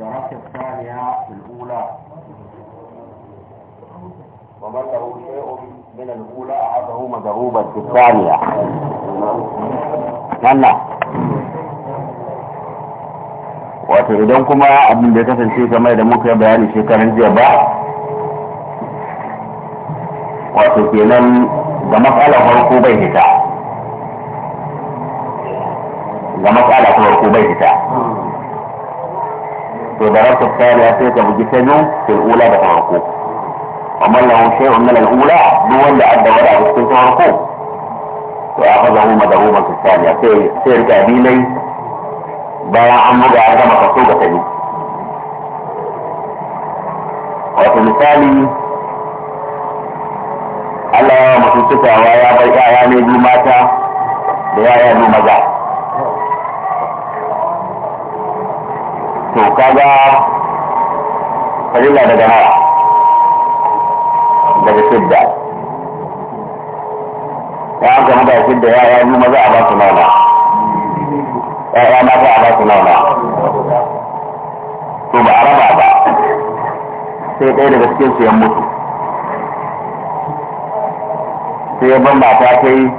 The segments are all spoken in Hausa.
الدرجة الثانية في الأولى ومن له شيء من الأولى أعاده مضروبا في الثانية هلا wato idan kuma abin da ya kasance kamar da muka yi bayani shekarun jiya ba wato kenan ga matsala farko bai hita ga matsalar farko bai fita في دراسة الثانية تبجسنه في الأولى الركوب ومن له شيء من الأولى دون لأدى ولا بسكين الركوب وأخذه مدعوما في الثانية سير كابيلي بايع عمه بعد ما تصوبة لي وفي مثالي ألا ya ويا wa يا bai ماتا ne biyu mata da to kaga farilla daga nawa daga shidda ya an kama da shidda ya ya yi maza a ba su nauna ya ya mata a ba su nauna to ba a raba ba sai ɗaya daga cikin su ya mutu sai ban mata ta yi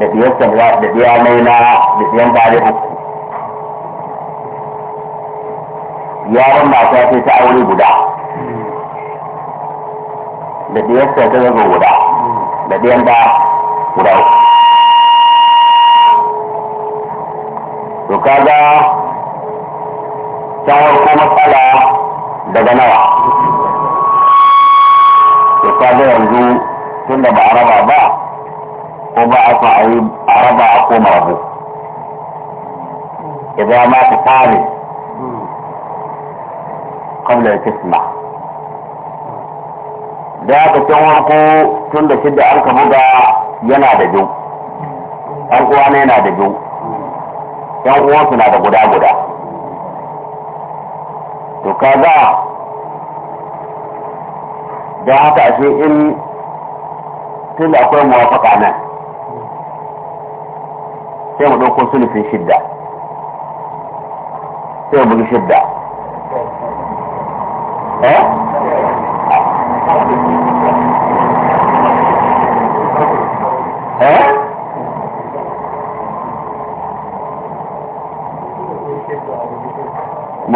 da ɗiyarsa da ɗiya mai na da ɗiyan tarihi. yaran mata sai ta aure guda da diyarsa ta zama guda da diyan da guda to kaga ta hauka matsala daga nawa to kaga yanzu tun da ba a raba ba ko ba a son a yi a raba ko marabu idan ma ta tare qabla tasma da haka can warko tun da shidda an ka buga yana da biyu ɗan uwa yana da biyu ɗan uwansu na da guda guda to kaga don haka ashe in tun da akwai muwafaka nan sai mu ɗauko sulufin shidda sai mu bugi shidda mu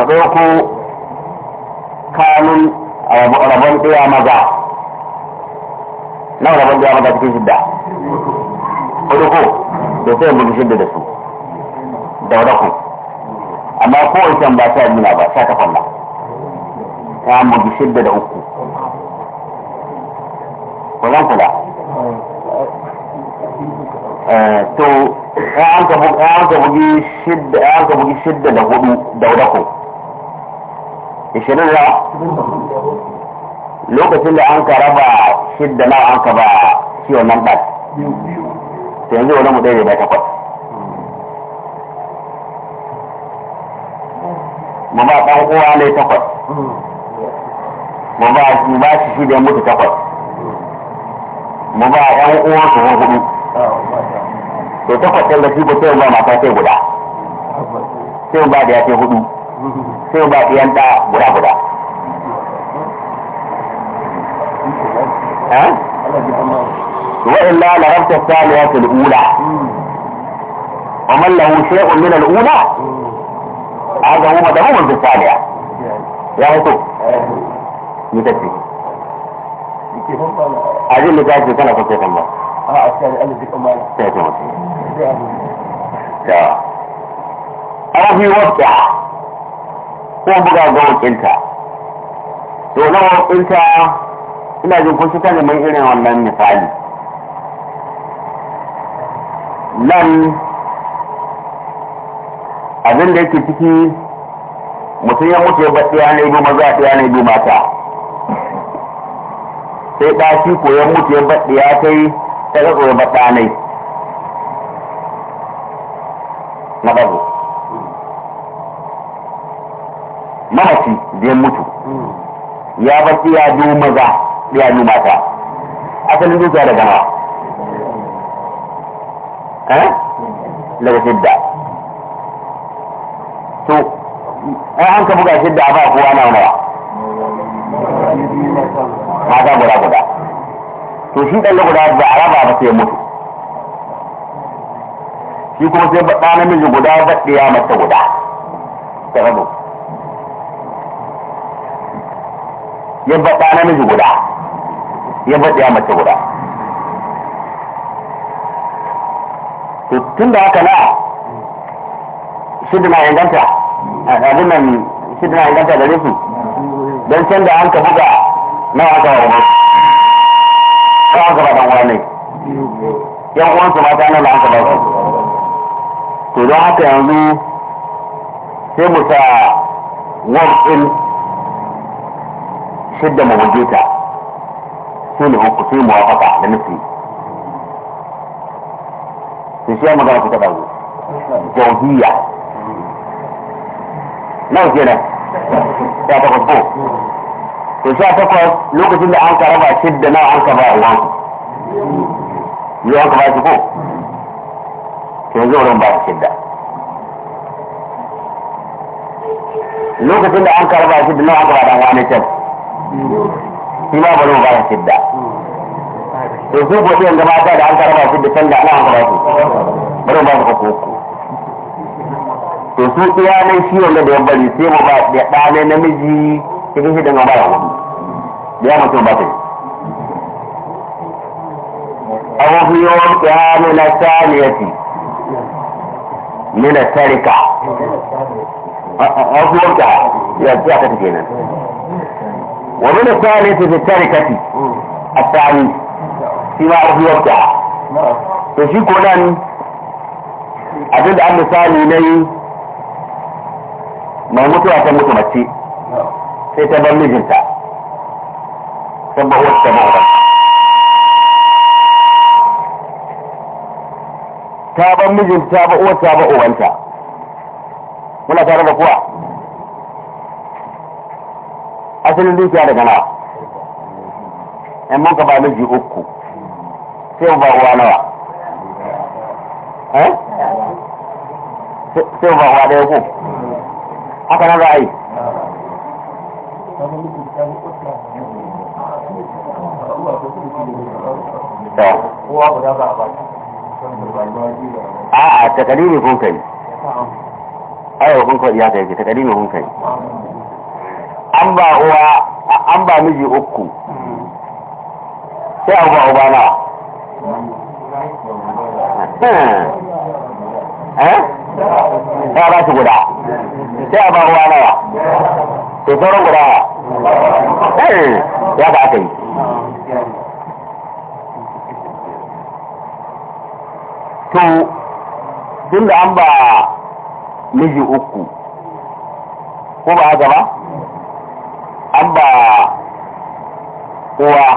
ɗauko kanun rabon ɗaya maza na rabon ɗaya maza cikin shidda kudu da sai mu shidda da su da wadaku amma ko wancan ba sha biyu na ba sha takwas na ya mu bi shidda da uku ko zan kula to ya an ka bugi ya an ka bugi shidda ya an ka bugi shidda da hudu da hudu ko ishirin da lokacin da an ka raba shidda na an ka ba ciwon nan ba to yanzu wani mu ɗaya da takwas mu ba ɗan uwa ne takwas mu ba shi ba shi shi da mutu takwas mu ba yan uwan su hudu to takwas ɗin da shi ko sai ba mata sai guda sai ba da ya sai hudu sai ba ɗiyan ta guda guda وإلا لربت الثانية الأولى ومن له شيء من الأولى هذا هو مدعوم في الثانية يا رسول ni ta ce a zai lura ce kana kwace kan ba a a cikin alifi ta ce mutum ya wata ko buga ga to na ina jin kun fita neman irin wannan misali nan abin da yake ciki mutum ya mutu ya bar ɗaya ne biyu maza ɗaya na biyu mata sai ɗashi ko ya mutu ya baɗi ya kai ta ga tsoron baɗanai na babu mamaci da ya mutu ya baɗi ya du maza ya du mata asalin dukiya daga nawa eh? daga shidda to an ka buga shidda ba kowa na nawa mata guda guda to shi dan guda ba araba ba sai mutu shi kuma sai ɗa namiji guda ya mata guda ta rabu ya baɗa namiji guda ya baɗiya mata guda to tun da haka na da na inganta abin nan shi na inganta gare su don can da an ka buga na aka wa ta aka ba wani yan uwansu mata na aka ba su to don haka yanzu sai mu sa wafin shidda mu guje ta sai mu hukku sai muwafaka da nufi sai sai ya magana ku dawo jauhiyya nan kenan ya ta ko to sha takwas lokacin da an karaba raba shidda nawa an ka ba uwan yi an ka ba shi ko ke yanzu wurin ba shi shidda lokacin da an karaba raba shidda nawa an ka ba wani can shi ma bari ba shi shidda to su ko shi ga mata da an karaba shidda can da na an ka ba su bari ba su uku uku to su iya shi wanda da ya sai mu ba ɗane namiji cikin shi dangin baya wani da ya mutum ba ta yi abu fi yawan kyanu na saniyati nuna tarika abu fi yawan ya ce aka take nan wa nuna saniyati fi tarikati a sani shi ma abu fi yawan to shi ko nan abinda an misali na yi mai mutuwa ta mutu mace sai ta bar mijinta sun ba wata ma'auran ta bar mijinta ba wata ba uwanta muna tare da kuwa asalin dukiya daga nawa in ka ba miji uku sai ba uwa nawa eh? sai ba uwa ɗaya ko haka na za a yi a'a ta ne kun kai ayo kun kai ya kai ta ne kun kai an ba uwa an ba miji uku sai an ba uba na eh ya eh? ba shi guda sai a ba uwa nawa to sauran guda ya ba aka yi to tun da an ba miji uku ko ba haka ba an ba uwa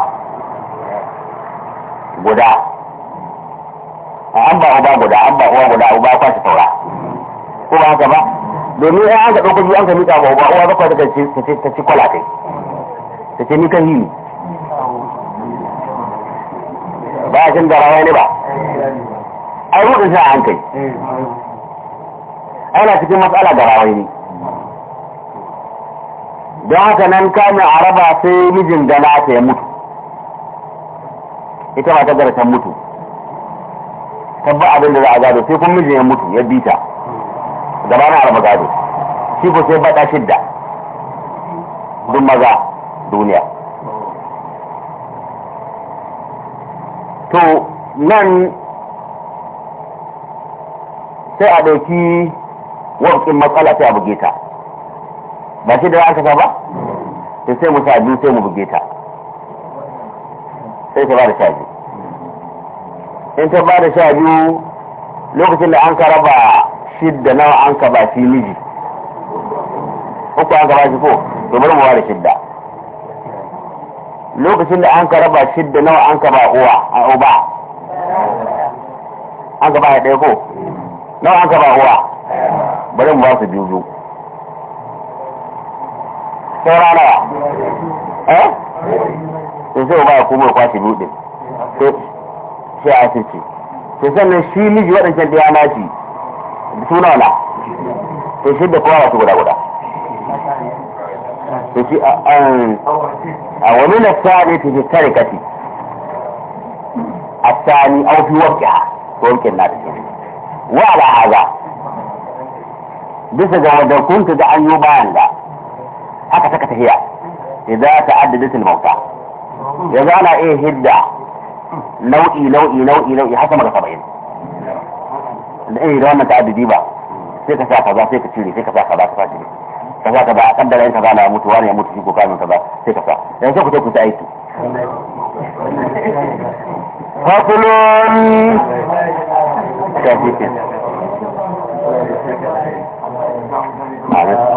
guda an ba uba guda an ba uwa guda uba kwashi saura ko ba haka ba domin an ka ɗauko biyu an ka mika ba uba uwa bakwai daga ta ci kwala kai ta ce ni kan yi ne ba a jin rawa ne ba ai yi sa a hankali ana cikin matsala da rawa ne don haka nan kamin a raba sai mijin da na ta ya mutu ita ba ta gara ta mutu tabba abin da za a gado sai kun mijin ya mutu ya bita gaba na arba gado shi ko sai bada shidda duk maza duniya to nan sai a ɗauki wakin matsala sai a buge ta ba shi da aka ba to sai mu sa sai mu buge ta sai ta ba da sha in ta ba da sha lokacin da an ka raba shidda nawa an ka ba shi miji uku an ka ba shi ko to bari mu ba da shidda lokacin da an ka raba shi da nawa an ka ba uwa a uba an ka ba ya ɗaya ko nawa an ka ba uwa bari mu ba su biyu biyu saura nawa eh to sai uba ya kuma ya kwashe biyu ɗin sai a ce to sannan shi miji waɗancan da ya shi suna na to shi da kowa wasu guda guda في أن آه، آه. ومن الثالث في التركة الثاني أو في وقعها ممكن لا تكون وعلى هذا بس جواب كنت دعا يبان ده حتى سكت هي إذا تعددت الموتى إذا أنا إيه هدى نوعي نوعي نوعي نوعي حتى ما قصبين إيه لو أنا تعددي بقى سيكا ساكا ذا سيكا تشيري سيكا ساكا ذا سيكا تشيري ka sa ka ba a kaddara in ba na mutu wani ya mutu shi ka ba sai ka sa yanzu ku ce aiki ta aiki fasulun